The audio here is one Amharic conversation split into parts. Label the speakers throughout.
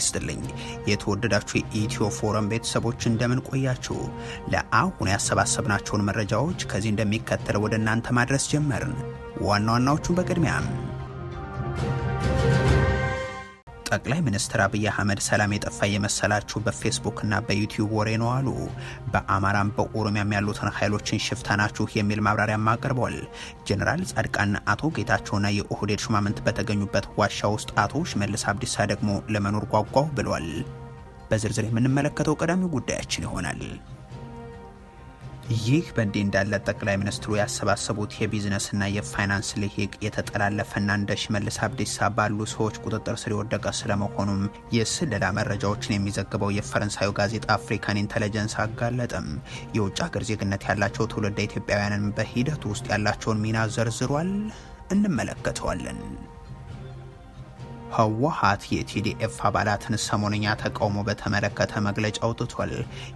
Speaker 1: ይስጥልኝ። የተወደዳችሁ የኢትዮ ፎረም ቤተሰቦች እንደምን ቆያችሁ? ለአሁን ያሰባሰብናቸውን መረጃዎች ከዚህ እንደሚከተለው ወደ እናንተ ማድረስ ጀመርን። ዋና ዋናዎቹን በቅድሚያ ጠቅላይ ሚኒስትር አብይ አህመድ ሰላም የጠፋ የመሰላችሁ ና በዩቲዩብ ወሬ ነው አሉ። በአማራም በኦሮሚያም ያሉትን ኃይሎችን ሽፍታ ናችሁ የሚል ማብራሪያም አቅርቧል። ጀኔራል ጻድቃን አቶ ጌታቸውና የኦህዴድ ሹማምንት በተገኙበት ዋሻ ውስጥ አቶ ሽመልስ አብዲሳ ደግሞ ለመኖር ጓጓው ብሏል። በዝርዝር የምንመለከተው ቀዳሚው ጉዳያችን ይሆናል። ይህ በእንዲህ እንዳለ ጠቅላይ ሚኒስትሩ ያሰባሰቡት የቢዝነስና የፋይናንስ ልሂቅ የተጠላለፈና እንደ ሽመልስ አብዲሳ ባሉ ሰዎች ቁጥጥር ስር የወደቀ ስለመሆኑም የስለላ መረጃዎችን የሚዘግበው የፈረንሳዩ ጋዜጣ አፍሪካን ኢንተለጀንስ አጋለጠም። የውጭ ሀገር ዜግነት ያላቸው ትውልደ ኢትዮጵያውያንን በሂደቱ ውስጥ ያላቸውን ሚና ዘርዝሯል። እንመለከተዋለን። ህወሓት የቲዲኤፍ አባላትን ሰሞንኛ ተቃውሞ በተመለከተ መግለጫ አውጥቷል።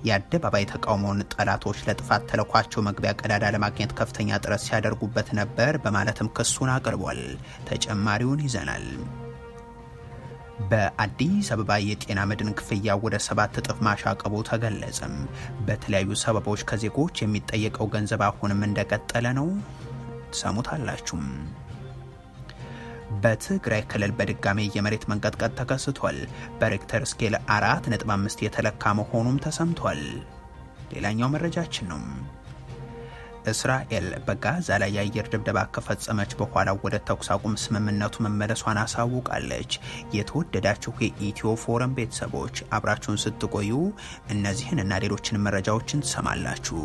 Speaker 1: የአደባባይ ተቃውሞውን ጠላቶች ለጥፋት ተለኳቸው መግቢያ ቀዳዳ ለማግኘት ከፍተኛ ጥረት ሲያደርጉበት ነበር በማለትም ክሱን አቅርቧል። ተጨማሪውን ይዘናል። በአዲስ አበባ የጤና መድን ክፍያ ወደ ሰባት እጥፍ ማሻቀቡ ተገለጸም። በተለያዩ ሰበቦች ከዜጎች የሚጠየቀው ገንዘብ አሁንም እንደቀጠለ ነው። ሰሙታላችሁም። በትግራይ ክልል በድጋሜ የመሬት መንቀጥቀጥ ተከስቷል። በሬክተር ስኬል አራት ነጥብ አምስት የተለካ መሆኑም ተሰምቷል። ሌላኛው መረጃችን ነው። እስራኤል በጋዛ ላይ የአየር ድብደባ ከፈጸመች በኋላ ወደ ተኩስ አቁም ስምምነቱ መመለሷን አሳውቃለች። የተወደዳችሁ የኢትዮ ፎረም ቤተሰቦች አብራችሁን ስትቆዩ እነዚህን እና ሌሎችን መረጃዎችን ትሰማላችሁ።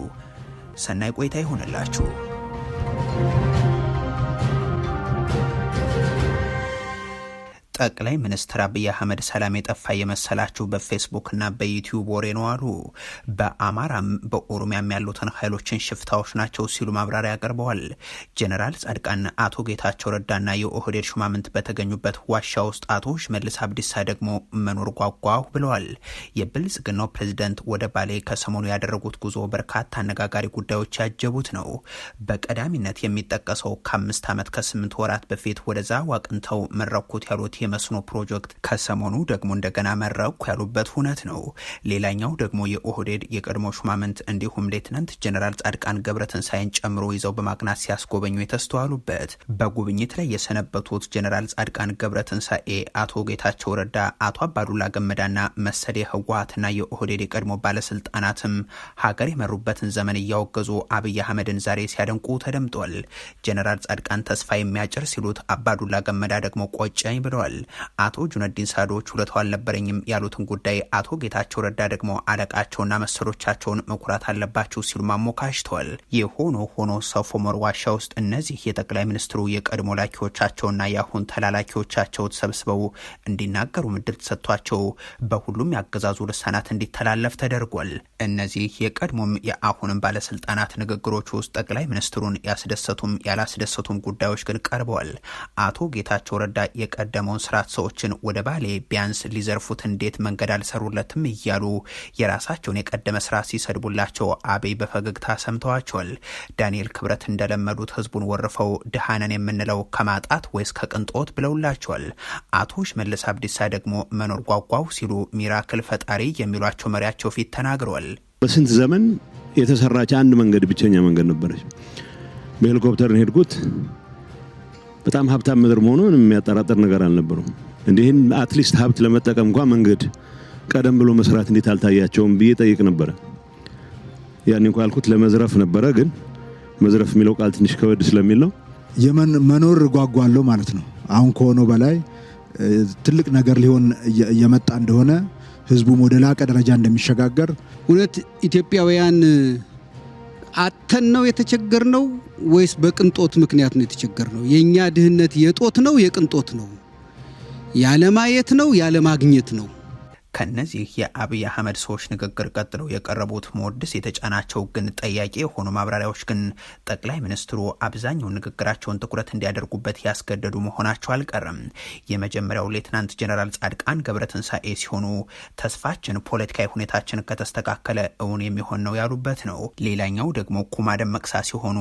Speaker 1: ሰናይ ቆይታ ይሆንላችሁ። ጠቅላይ ሚኒስትር አብይ አህመድ ሰላም የጠፋ የመሰላቸው በፌስቡክና በዩቲዩብ ወሬ ነው አሉ። በአማራም በኦሮሚያም ያሉትን ኃይሎችን ሽፍታዎች ናቸው ሲሉ ማብራሪያ አቅርበዋል። ጀኔራል ጻድቃን አቶ ጌታቸው ረዳና የኦህዴድ ሹማምንት በተገኙበት ዋሻ ውስጥ አቶ ሽመልስ አብዲሳ ደግሞ መኖር ጓጓሁ ብለዋል። የብልጽግናው ፕሬዝደንት ወደ ባሌ ከሰሞኑ ያደረጉት ጉዞ በርካታ አነጋጋሪ ጉዳዮች ያጀቡት ነው። በቀዳሚነት የሚጠቀሰው ከአምስት ዓመት ከስምንት ወራት በፊት ወደዛ ዋቅንተው መረኩት ያሉት የመስኖ ፕሮጀክት ከሰሞኑ ደግሞ እንደገና መረኩ ያሉበት ሁነት ነው። ሌላኛው ደግሞ የኦህዴድ የቀድሞ ሹማምንት እንዲሁም ሌትናንት ጀኔራል ጻድቃን ገብረትንሳኤን ጨምሮ ይዘው በማቅናት ሲያስጎበኙ የተስተዋሉበት በጉብኝት ላይ የሰነበቱት ጀኔራል ጻድቃን ገብረትንሳኤ፣ አቶ ጌታቸው ረዳ፣ አቶ አባዱላ ገመዳና መሰል የህወሀትና የኦህዴድ የቀድሞ ባለስልጣናትም ሀገር የመሩበትን ዘመን እያወገዙ አብይ አህመድን ዛሬ ሲያደንቁ ተደምጧል። ጀኔራል ጻድቃን ተስፋ የሚያጭር ሲሉት አባዱላ ገመዳ ደግሞ ቆጨኝ ብለዋል። አቶ ጁነዲን ሳዶች ሁለቱ አልነበረኝም ያሉትን ጉዳይ አቶ ጌታቸው ረዳ ደግሞ አለቃቸውና መሰሎቻቸውን መኩራት አለባቸው ሲሉ ማሞካሽተዋል። የሆኖ ሆኖ ሰፎ ዋሻ ውስጥ እነዚህ የጠቅላይ ሚኒስትሩ የቀድሞ ላኪዎቻቸውና የአሁን ተላላኪዎቻቸው ተሰብስበው እንዲናገሩ ምድል ተሰጥቷቸው በሁሉም ያገዛዙ ልሳናት እንዲተላለፍ ተደርጓል። እነዚህ የቀድሞም የአሁንም ባለስልጣናት ንግግሮች ውስጥ ጠቅላይ ሚኒስትሩን ያስደሰቱም ያላስደሰቱም ጉዳዮች ግን ቀርበዋል። አቶ ጌታቸው ረዳ የቀደመውን በስርዓት ሰዎችን ወደ ባሌ ቢያንስ ሊዘርፉት እንዴት መንገድ አልሰሩለትም እያሉ የራሳቸውን የቀደመ ስርዓት ሲሰድቡላቸው አብይ በፈገግታ ሰምተዋቸዋል። ዳንኤል ክብረት እንደለመዱት ህዝቡን ወርፈው ድሃነን የምንለው ከማጣት ወይስ ከቅንጦት ብለውላቸዋል። አቶ ሽመልስ አብዲሳ ደግሞ መኖር ጓጓው ሲሉ ሚራክል ፈጣሪ የሚሏቸው መሪያቸው ፊት ተናግረዋል።
Speaker 2: በስንት ዘመን የተሰራች አንድ መንገድ ብቸኛ መንገድ ነበረች። በሄሊኮፕተርን ሄድኩት በጣም ሀብታም ምድር መሆኑ ምንም የሚያጠራጥር ነገር አልነበረም። እንዲህን አትሊስት ሀብት ለመጠቀም እንኳ መንገድ ቀደም ብሎ መስራት እንዴት አልታያቸውም ብዬ ጠይቅ ነበረ። ያን እንኳ ያልኩት ለመዝረፍ ነበረ፣ ግን መዝረፍ የሚለው ቃል ትንሽ ከወድ ስለሚል ነው።
Speaker 3: መኖር ጓጓለሁ ማለት ነው። አሁን ከሆነው በላይ ትልቅ ነገር ሊሆን እየመጣ እንደሆነ ህዝቡም ወደ ላቀ ደረጃ እንደሚሸጋገር እውነት ኢትዮጵያውያን አተን ነው የተቸገር ነው ወይስ በቅንጦት ምክንያት ነው የተቸገር ነው? የእኛ ድህነት የጦት ነው የቅንጦት ነው? ያለማየት ነው ያለማግኘት ነው?
Speaker 1: ከእነዚህ የአብይ አህመድ ሰዎች ንግግር ቀጥለው የቀረቡት መወድስ የተጫናቸው ግን ጠያቂ የሆኑ ማብራሪያዎች ግን ጠቅላይ ሚኒስትሩ አብዛኛውን ንግግራቸውን ትኩረት እንዲያደርጉበት ያስገደዱ መሆናቸው አልቀርም። የመጀመሪያው ሌትናንት ጀነራል ጻድቃን ገብረትንሳኤ ሲሆኑ ተስፋችን ፖለቲካዊ ሁኔታችን ከተስተካከለ እውን የሚሆን ነው ያሉበት ነው። ሌላኛው ደግሞ ኩማ ደመቅሳ ሲሆኑ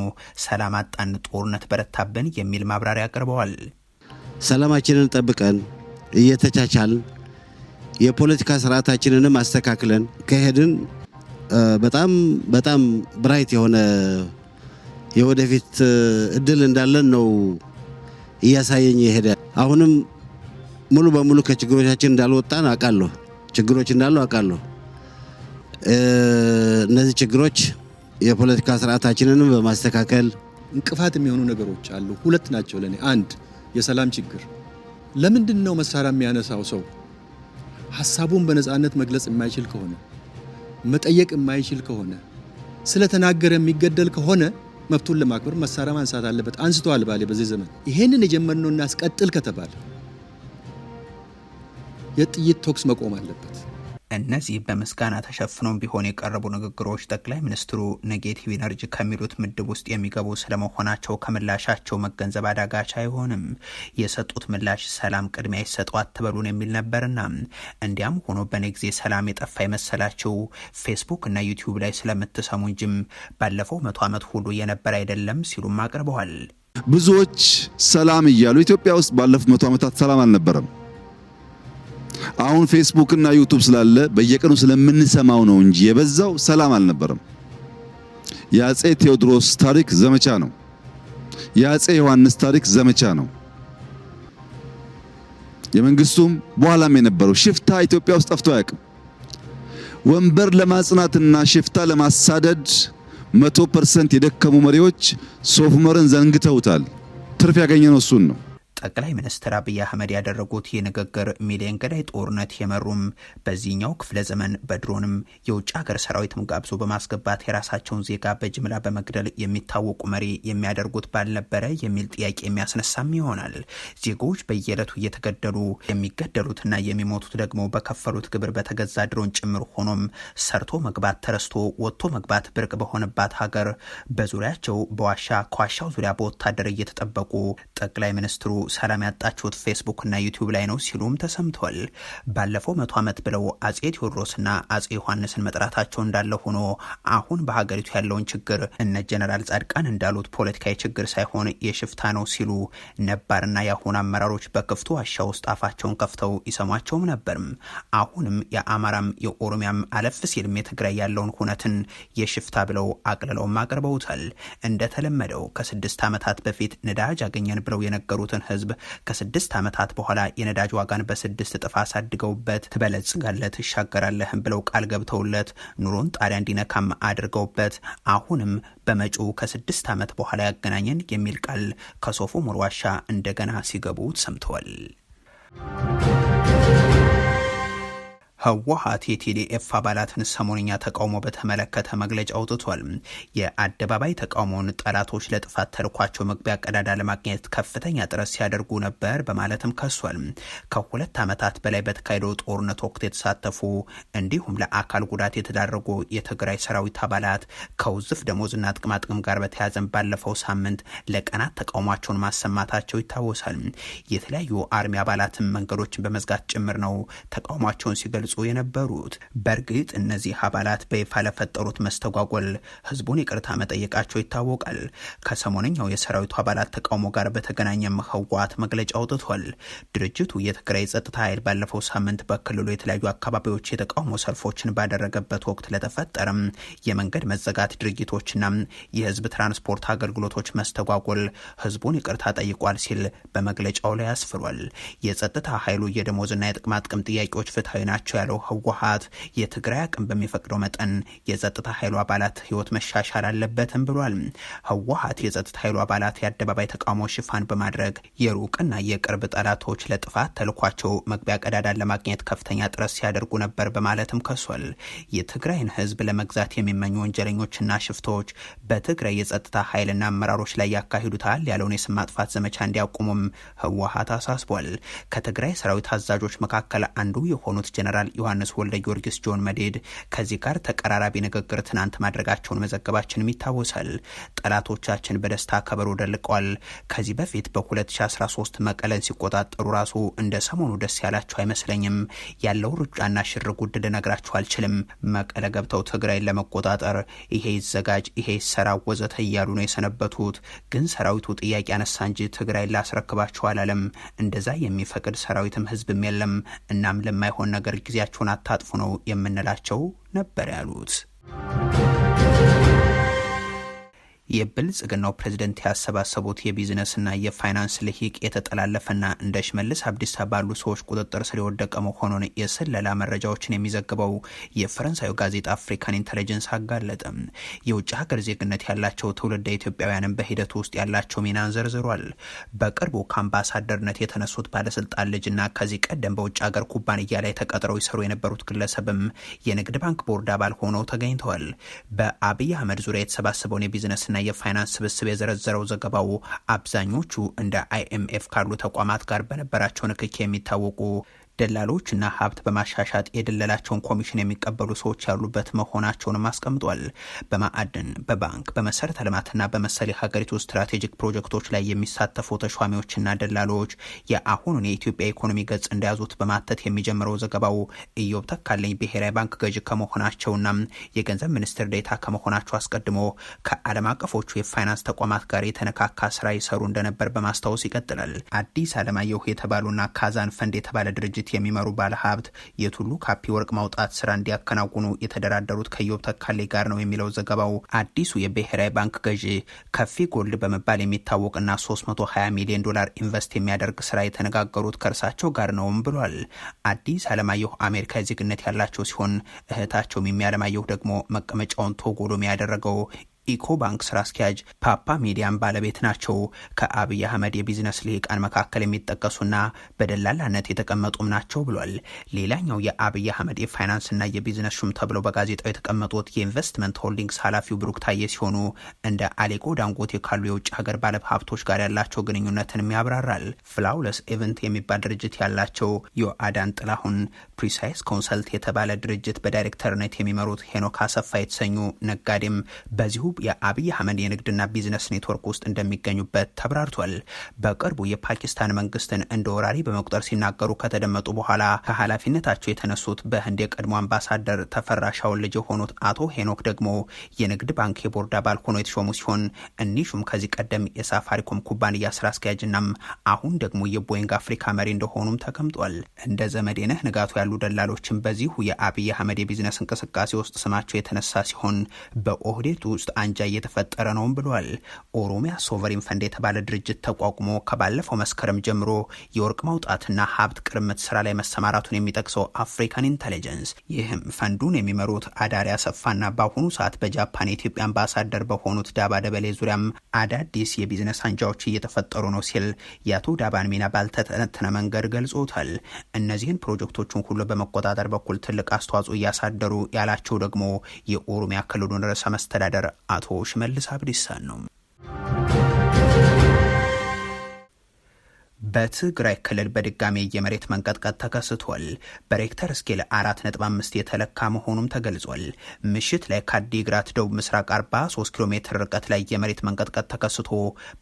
Speaker 1: ሰላም አጣን፣ ጦርነት በረታብን የሚል ማብራሪያ አቅርበዋል።
Speaker 4: ሰላማችንን ጠብቀን እየተቻቻልን የፖለቲካ ስርዓታችንንም አስተካክለን ከሄድን በጣም በጣም ብራይት የሆነ የወደፊት እድል እንዳለን ነው እያሳየኝ የሄደ። አሁንም ሙሉ በሙሉ ከችግሮቻችን እንዳልወጣን አውቃለሁ። ችግሮች እንዳሉ አውቃለሁ። እነዚህ ችግሮች የፖለቲካ ስርዓታችንንም በማስተካከል
Speaker 5: እንቅፋት የሚሆኑ ነገሮች አሉ። ሁለት ናቸው ለእኔ። አንድ የሰላም ችግር። ለምንድን ነው መሳሪያ የሚያነሳው ሰው ሀሳቡን በነፃነት መግለጽ የማይችል ከሆነ መጠየቅ የማይችል ከሆነ ስለተናገረ የሚገደል ከሆነ መብቱን ለማክበር መሳሪያ ማንሳት አለበት። አንስተዋል ባሌ በዚህ ዘመን ይሄንን የጀመርነው እናስቀጥል ከተባለ የጥይት ተኩስ መቆም አለበት።
Speaker 1: እነዚህ በምስጋና ተሸፍነው ቢሆን የቀረቡ ንግግሮች ጠቅላይ ሚኒስትሩ ኔጌቲቭ ኢነርጂ ከሚሉት ምድብ ውስጥ የሚገቡ ስለመሆናቸው ከምላሻቸው መገንዘብ አዳጋች አይሆንም። የሰጡት ምላሽ ሰላም ቅድሚያ ይሰጠው አትበሉን የሚል ነበርና እንዲያም ሆኖ በኔ ጊዜ ሰላም የጠፋ የመሰላቸው ፌስቡክ እና ዩቲዩብ ላይ ስለምትሰሙ እንጂም ባለፈው መቶ ዓመት ሁሉ የነበረ አይደለም ሲሉም አቅርበዋል።
Speaker 6: ብዙዎች ሰላም እያሉ ኢትዮጵያ ውስጥ ባለፉት መቶ ዓመታት ሰላም አልነበረም። አሁን ፌስቡክ እና ዩቱብ ስላለ በየቀኑ ስለምንሰማው ነው እንጂ የበዛው ሰላም አልነበረም። የአጼ ቴዎድሮስ ታሪክ ዘመቻ ነው። የአጼ ዮሐንስ ታሪክ ዘመቻ ነው። የመንግስቱም በኋላም የነበረው ሽፍታ ኢትዮጵያ ውስጥ ጠፍቶ አያውቅም። ወንበር ለማጽናትና ሽፍታ ለማሳደድ መቶ ፐርሰንት የደከሙ መሪዎች ሶፍ ዑመርን ዘንግተውታል። ትርፍ ያገኘነው እሱን ነው።
Speaker 1: ጠቅላይ ሚኒስትር አብይ አህመድ ያደረጉት የንግግር ሚሊየን ገዳይ ጦርነት የመሩም በዚህኛው ክፍለ ዘመን በድሮንም የውጭ ሀገር ሰራዊትም ጋብዞ በማስገባት የራሳቸውን ዜጋ በጅምላ በመግደል የሚታወቁ መሪ የሚያደርጉት ባልነበረ የሚል ጥያቄ የሚያስነሳም ይሆናል። ዜጎች በየዕለቱ እየተገደሉ የሚገደሉትና የሚሞቱት ደግሞ በከፈሉት ግብር በተገዛ ድሮን ጭምር ሆኖም ሰርቶ መግባት ተረስቶ ወጥቶ መግባት ብርቅ በሆነባት ሀገር በዙሪያቸው በዋሻ ከዋሻው ዙሪያ በወታደር እየተጠበቁ ጠቅላይ ሚኒስትሩ ሰላም ያጣችሁት ፌስቡክና ዩቲዩብ ላይ ነው ሲሉም ተሰምቷል። ባለፈው መቶ ዓመት ብለው አጼ ቴዎድሮስና አጼ ዮሐንስን መጥራታቸው እንዳለ ሆኖ አሁን በሀገሪቱ ያለውን ችግር እነ ጀነራል ጻድቃን እንዳሉት ፖለቲካዊ ችግር ሳይሆን የሽፍታ ነው ሲሉ ነባርና የአሁን አመራሮች በክፍቱ ዋሻ ውስጥ አፋቸውን ከፍተው ይሰሟቸውም ነበርም። አሁንም የአማራም የኦሮሚያም አለፍ ሲልም የትግራይ ያለውን ሁነትን የሽፍታ ብለው አቅልለውም አቅርበውታል። እንደተለመደው ከስድስት ዓመታት በፊት ነዳጅ አገኘን ብለው የነገሩትን ህዝብ ከስድስት ዓመታት በኋላ የነዳጅ ዋጋን በስድስት እጥፍ አሳድገውበት ትበለጽጋለህ፣ ትሻገራለህም ብለው ቃል ገብተውለት ኑሮን ጣሪያ እንዲነካም አድርገውበት አሁንም በመጪው ከስድስት ዓመት በኋላ ያገናኘን የሚል ቃል ከሶፎ ሙር ዋሻ እንደገና ሲገቡ ሰምተዋል። ህወሀት የቲዲኤፍ አባላትን ሰሞንኛ ተቃውሞ በተመለከተ መግለጫ አውጥቷል። የአደባባይ ተቃውሞውን ጠላቶች ለጥፋት ተልኳቸው መግቢያ ቀዳዳ ለማግኘት ከፍተኛ ጥረት ሲያደርጉ ነበር በማለትም ከሷል። ከሁለት ዓመታት በላይ በተካሄደው ጦርነት ወቅት የተሳተፉ እንዲሁም ለአካል ጉዳት የተዳረጉ የትግራይ ሰራዊት አባላት ከውዝፍ ደሞዝና ጥቅማጥቅም ጋር በተያያዘን ባለፈው ሳምንት ለቀናት ተቃውሟቸውን ማሰማታቸው ይታወሳል። የተለያዩ አርሚ አባላትም መንገዶችን በመዝጋት ጭምር ነው ተቃውሟቸውን ሲገልጹ ሲገልጹ የነበሩት። በእርግጥ እነዚህ አባላት በይፋ ለፈጠሩት መስተጓጎል ህዝቡን ይቅርታ መጠየቃቸው ይታወቃል። ከሰሞነኛው የሰራዊቱ አባላት ተቃውሞ ጋር በተገናኘም ህወሓት መግለጫ አውጥቷል። ድርጅቱ የትግራይ ጸጥታ ኃይል ባለፈው ሳምንት በክልሉ የተለያዩ አካባቢዎች የተቃውሞ ሰልፎችን ባደረገበት ወቅት ለተፈጠረም የመንገድ መዘጋት ድርጊቶችና የህዝብ ትራንስፖርት አገልግሎቶች መስተጓጎል ህዝቡን ይቅርታ ጠይቋል ሲል በመግለጫው ላይ አስፍሯል። የጸጥታ ኃይሉ የደሞዝና የጥቅማጥቅም ጥያቄዎች ፍትሐዊ ናቸው ያለው ህወሀት የትግራይ አቅም በሚፈቅደው መጠን የጸጥታ ኃይሉ አባላት ህይወት መሻሻል አለበትም ብሏል። ህወሀት የጸጥታ ኃይሉ አባላት የአደባባይ ተቃውሞ ሽፋን በማድረግ የሩቅና የቅርብ ጠላቶች ለጥፋት ተልኳቸው መግቢያ ቀዳዳን ለማግኘት ከፍተኛ ጥረት ሲያደርጉ ነበር በማለትም ከሷል። የትግራይን ህዝብ ለመግዛት የሚመኙ ወንጀለኞችና ሽፍቶች በትግራይ የጸጥታ ኃይልና አመራሮች ላይ ያካሂዱታል ያለውን የስም ማጥፋት ዘመቻ እንዲያቆሙም ህወሀት አሳስቧል። ከትግራይ ሰራዊት አዛዦች መካከል አንዱ የሆኑት ጀነራል ጀኔራል ዮሐንስ ወልደ ጊዮርጊስ ጆን መዴድ ከዚህ ጋር ተቀራራቢ ንግግር ትናንት ማድረጋቸውን መዘገባችንም ይታወሳል። ጠላቶቻችን በደስታ ከበሮ ደልቀዋል። ከዚህ በፊት በ2013 መቀለን ሲቆጣጠሩ ራሱ እንደ ሰሞኑ ደስ ያላቸው አይመስለኝም። ያለው ሩጫና ሽር ጉድ ልነግራችሁ አልችልም። መቀለ ገብተው ትግራይን ለመቆጣጠር ይሄ ይዘጋጅ፣ ይሄ ይሰራ፣ ወዘተ እያሉ ነው የሰነበቱት። ግን ሰራዊቱ ጥያቄ አነሳ እንጂ ትግራይን ላስረክባችሁ አላለም። እንደዛ የሚፈቅድ ሰራዊትም ህዝብም የለም። እናም ለማይሆን ነገር ጊዜ ጊዜያችሁን አታጥፉ ነው የምንላቸው ነበር ያሉት። የብልጽግናው ፕሬዝደንት ያሰባሰቡት የቢዝነስና የፋይናንስ ልሂቅ የተጠላለፈና እንደ ሽመልስ አብዲሳ ባሉ ሰዎች ቁጥጥር ስር የወደቀ መሆኑን የስለላ መረጃዎችን የሚዘግበው የፈረንሳዩ ጋዜጣ አፍሪካን ኢንተለጀንስ አጋለጠም። የውጭ ሀገር ዜግነት ያላቸው ትውልደ ኢትዮጵያውያንን በሂደቱ ውስጥ ያላቸው ሚናን ዘርዝሯል። በቅርቡ ከአምባሳደርነት የተነሱት ባለስልጣን ልጅና ከዚህ ቀደም በውጭ ሀገር ኩባንያ ላይ ተቀጥረው ይሰሩ የነበሩት ግለሰብም የንግድ ባንክ ቦርድ አባል ሆነው ተገኝተዋል። በአብይ አህመድ ዙሪያ የተሰባሰበውን የቢዝነስና የፋይናንስ ስብስብ የዘረዘረው ዘገባው አብዛኞቹ እንደ አይኤምኤፍ ካሉ ተቋማት ጋር በነበራቸው ንክኪ የሚታወቁ ደላሎች እና ሀብት በማሻሻጥ የደለላቸውን ኮሚሽን የሚቀበሉ ሰዎች ያሉበት መሆናቸውንም አስቀምጧል። በማዕድን፣ በባንክ፣ በመሰረተ ልማትና በመሰል የሀገሪቱ ስትራቴጂክ ፕሮጀክቶች ላይ የሚሳተፉ ተሿሚዎችና ደላሎች የአሁኑን የኢትዮጵያ ኢኮኖሚ ገጽ እንደያዙት በማተት የሚጀምረው ዘገባው ኢዮብ ተካለኝ ብሔራዊ ባንክ ገዢ ከመሆናቸውና የገንዘብ ሚኒስትር ዴታ ከመሆናቸው አስቀድሞ ከዓለም አቀፎቹ የፋይናንስ ተቋማት ጋር የተነካካ ስራ ይሰሩ እንደነበር በማስታወስ ይቀጥላል። አዲስ አለማየሁ የተባሉና ካዛን ፈንድ የተባለ ድርጅት ድርጅት የሚመሩ ባለሀብት የቱሉ ካፒ ወርቅ ማውጣት ስራ እንዲያከናውኑ የተደራደሩት ከዮብ ተካሌ ጋር ነው የሚለው ዘገባው። አዲሱ የብሔራዊ ባንክ ገዢ ከፊ ጎልድ በመባል የሚታወቅና 320 ሚሊዮን ዶላር ኢንቨስት የሚያደርግ ስራ የተነጋገሩት ከእርሳቸው ጋር ነውም ብሏል። አዲስ አለማየሁ አሜሪካ ዜግነት ያላቸው ሲሆን እህታቸው ሚሚ አለማየሁ ደግሞ መቀመጫውን ቶጎ ያደረገው ኢኮባንክ ስራ አስኪያጅ ፓፓ ሚዲያም ባለቤት ናቸው። ከአብይ አህመድ የቢዝነስ ልሂቃን መካከል የሚጠቀሱና በደላላነት የተቀመጡም ናቸው ብሏል። ሌላኛው የአብይ አህመድ የፋይናንስና የቢዝነስ ሹም ተብለው በጋዜጣው የተቀመጡት የኢንቨስትመንት ሆልዲንግስ ኃላፊው ብሩክ ታየ ሲሆኑ እንደ አሌኮ ዳንጎቴ ካሉ የውጭ ሀገር ባለሀብቶች ጋር ያላቸው ግንኙነትንም ያብራራል። ፍላውለስ ኤቨንት የሚባል ድርጅት ያላቸው ዮአዳን ጥላሁን፣ ፕሪሳይስ ኮንሰልት የተባለ ድርጅት በዳይሬክተርነት የሚመሩት ሄኖክ አሰፋ የተሰኙ ነጋዴም በዚሁ የአብይ አህመድ የንግድና ቢዝነስ ኔትወርክ ውስጥ እንደሚገኙበት ተብራርቷል። በቅርቡ የፓኪስታን መንግስትን እንደ ወራሪ በመቁጠር ሲናገሩ ከተደመጡ በኋላ ከኃላፊነታቸው የተነሱት በህንድ የቀድሞ አምባሳደር ተፈራሻውን ልጅ የሆኑት አቶ ሄኖክ ደግሞ የንግድ ባንክ የቦርድ አባል ሆነው የተሾሙ ሲሆን እኒሹም ከዚህ ቀደም የሳፋሪኮም ኩባንያ ስራ አስኪያጅናም አሁን ደግሞ የቦይንግ አፍሪካ መሪ እንደሆኑም ተቀምጧል። እንደ ዘመዴነህ ንጋቱ ያሉ ደላሎችን በዚሁ የአብይ አህመድ የቢዝነስ እንቅስቃሴ ውስጥ ስማቸው የተነሳ ሲሆን በኦህዴት ውስጥ አንጃ እየተፈጠረ ነውም ብሏል። ኦሮሚያ ሶቨሪን ፈንድ የተባለ ድርጅት ተቋቁሞ ከባለፈው መስከረም ጀምሮ የወርቅ ማውጣትና ሀብት ቅርምት ስራ ላይ መሰማራቱን የሚጠቅሰው አፍሪካን ኢንቴሊጀንስ ይህም ፈንዱን የሚመሩት አዳሪ አሰፋና በአሁኑ ሰዓት በጃፓን የኢትዮጵያ አምባሳደር በሆኑት ዳባ ደበሌ ዙሪያም አዳዲስ የቢዝነስ አንጃዎች እየተፈጠሩ ነው ሲል የአቶ ዳባን ሚና ባልተተነተነ መንገድ ገልጾታል። እነዚህን ፕሮጀክቶቹን ሁሉ በመቆጣጠር በኩል ትልቅ አስተዋጽኦ እያሳደሩ ያላቸው ደግሞ የኦሮሚያ ክልሉን ርዕሰ መስተዳደር አቶ ሽመልስ አብዲሳን ነው። በትግራይ ክልል በድጋሚ የመሬት መንቀጥቀጥ ተከስቷል። በሬክተር ስኬል 4.5 የተለካ መሆኑም ተገልጿል። ምሽት ላይ ከአዲግራት ደቡብ ምስራቅ 43 ኪሎ ሜትር ርቀት ላይ የመሬት መንቀጥቀጥ ተከስቶ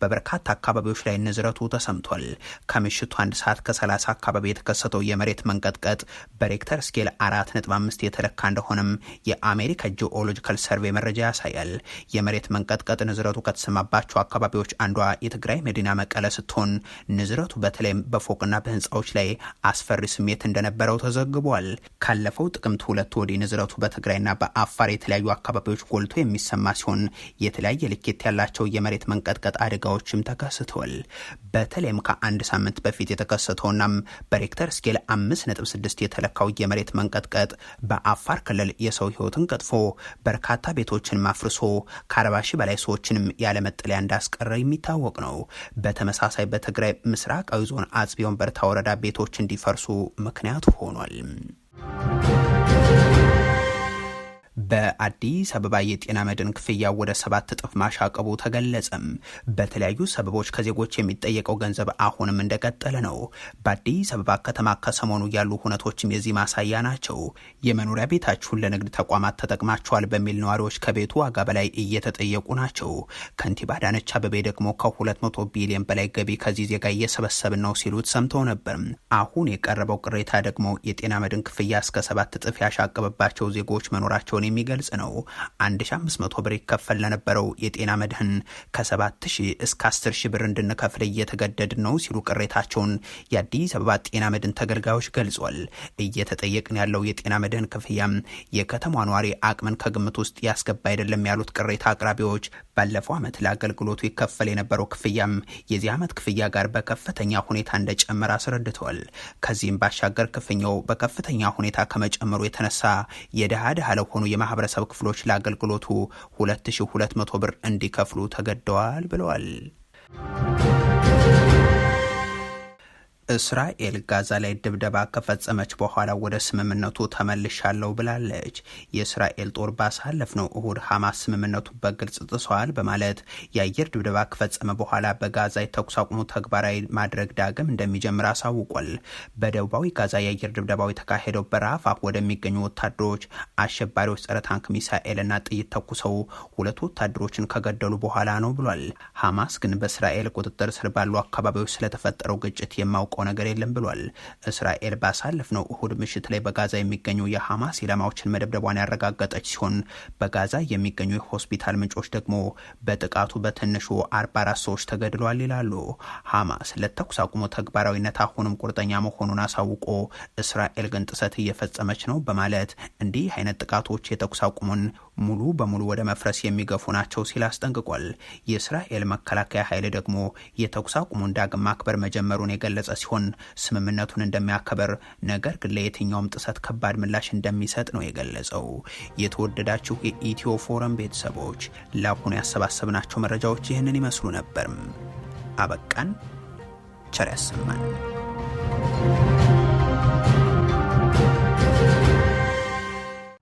Speaker 1: በበርካታ አካባቢዎች ላይ ንዝረቱ ተሰምቷል። ከምሽቱ አንድ ሰዓት ከ30 አካባቢ የተከሰተው የመሬት መንቀጥቀጥ በሬክተር ስኬል 4.5 የተለካ እንደሆነም የአሜሪካ ጂኦሎጂካል ሰርቬ መረጃ ያሳያል። የመሬት መንቀጥቀጥ ንዝረቱ ከተሰማባቸው አካባቢዎች አንዷ የትግራይ መዲና መቀለ ስትሆን ንዝረ ንብረቱ በተለይም በፎቅና በህንፃዎች ላይ አስፈሪ ስሜት እንደነበረው ተዘግቧል። ካለፈው ጥቅምት ሁለት ወዲህ ንዝረቱ በትግራይና በአፋር የተለያዩ አካባቢዎች ጎልቶ የሚሰማ ሲሆን የተለያየ ልኬት ያላቸው የመሬት መንቀጥቀጥ አደጋዎችም ተከስተዋል። በተለይም ከአንድ ሳምንት በፊት የተከሰተውናም በሬክተር ስኬል አምስት ነጥብ ስድስት የተለካው የመሬት መንቀጥቀጥ በአፋር ክልል የሰው ህይወትን ቀጥፎ በርካታ ቤቶችን ማፍርሶ ከአርባ ሺህ በላይ ሰዎችንም ያለመጠለያ እንዳስቀረ የሚታወቅ ነው። በተመሳሳይ በትግራይ ምስራ የምስራቃዊ ዞን አጽቢ ወንበርታ ወረዳ ቤቶች እንዲፈርሱ ምክንያት ሆኗል። በአዲስ አበባ የጤና መድን ክፍያ ወደ ሰባት እጥፍ ማሻቀቡ ተገለጸም። በተለያዩ ሰበቦች ከዜጎች የሚጠየቀው ገንዘብ አሁንም እንደቀጠለ ነው። በአዲስ አበባ ከተማ ከሰሞኑ ያሉ ሁነቶችም የዚህ ማሳያ ናቸው። የመኖሪያ ቤታችሁን ለንግድ ተቋማት ተጠቅማቸዋል በሚል ነዋሪዎች ከቤቱ ዋጋ በላይ እየተጠየቁ ናቸው። ከንቲባ አዳነች ደግሞ ከ200 ቢሊዮን በላይ ገቢ ከዚህ ዜጋ እየሰበሰብን ነው ሲሉት ሰምተው ነበር። አሁን የቀረበው ቅሬታ ደግሞ የጤና መድን ክፍያ እስከ ሰባት እጥፍ ያሻቀበባቸው ዜጎች መኖራቸውን መሆኑን የሚገልጽ ነው። 1500 ብር ይከፈል ለነበረው የጤና መድህን ከ7000 እስከ 10000 ብር እንድንከፍል እየተገደድ ነው ሲሉ ቅሬታቸውን የአዲስ አበባ ጤና መድህን ተገልጋዮች ገልጿል። እየተጠየቅን ያለው የጤና መድህን ክፍያም የከተማ ኗሪ አቅምን ከግምት ውስጥ ያስገባ አይደለም ያሉት ቅሬታ አቅራቢዎች ባለፈው ዓመት ለአገልግሎቱ ይከፈል የነበረው ክፍያም የዚህ ዓመት ክፍያ ጋር በከፍተኛ ሁኔታ እንደጨመረ አስረድተዋል። ከዚህም ባሻገር ክፍኛው በከፍተኛ ሁኔታ ከመጨመሩ የተነሳ የድሃ ድሃ ለሆኑ የማህበረሰብ ክፍሎች ለአገልግሎቱ 2200 ብር እንዲከፍሉ ተገደዋል ብለዋል። እስራኤል ጋዛ ላይ ድብደባ ከፈጸመች በኋላ ወደ ስምምነቱ ተመልሻለሁ ብላለች። የእስራኤል ጦር ባሳለፍነው እሁድ ሐማስ ስምምነቱ በግልጽ ጥሰዋል በማለት የአየር ድብደባ ከፈጸመ በኋላ በጋዛ የተኩስ አቁሙ ተግባራዊ ማድረግ ዳግም እንደሚጀምር አሳውቋል። በደቡባዊ ጋዛ የአየር ድብደባው የተካሄደው በራፋ ወደሚገኙ ወታደሮች አሸባሪዎች ጸረ ታንክ ሚሳኤልና ጥይት ተኩሰው ሁለቱ ወታደሮችን ከገደሉ በኋላ ነው ብሏል። ሐማስ ግን በእስራኤል ቁጥጥር ስር ባሉ አካባቢዎች ስለተፈጠረው ግጭት የማውቀ የሚያውቀው ነገር የለም ብሏል። እስራኤል ባሳለፍነው እሁድ ምሽት ላይ በጋዛ የሚገኙ የሐማስ ኢላማዎችን መደብደቧን ያረጋገጠች ሲሆን በጋዛ የሚገኙ የሆስፒታል ምንጮች ደግሞ በጥቃቱ በትንሹ 44 ሰዎች ተገድሏል ይላሉ። ሐማስ ለተኩስ አቁሞ ተግባራዊነት አሁንም ቁርጠኛ መሆኑን አሳውቆ እስራኤል ግን ጥሰት እየፈጸመች ነው በማለት እንዲህ አይነት ጥቃቶች የተኩስ አቁሙን ሙሉ በሙሉ ወደ መፍረስ የሚገፉ ናቸው ሲል አስጠንቅቋል። የእስራኤል መከላከያ ኃይል ደግሞ የተኩስ አቁሙን ዳግም ማክበር መጀመሩን የገለጸ ሲሆን ስምምነቱን እንደሚያከበር፣ ነገር ግን ለየትኛውም ጥሰት ከባድ ምላሽ እንደሚሰጥ ነው የገለጸው። የተወደዳችሁ የኢትዮ ፎረም ቤተሰቦች ለአሁኑ ያሰባሰብናቸው መረጃዎች ይህንን ይመስሉ ነበርም። አበቃን። ቸር ያሰማን።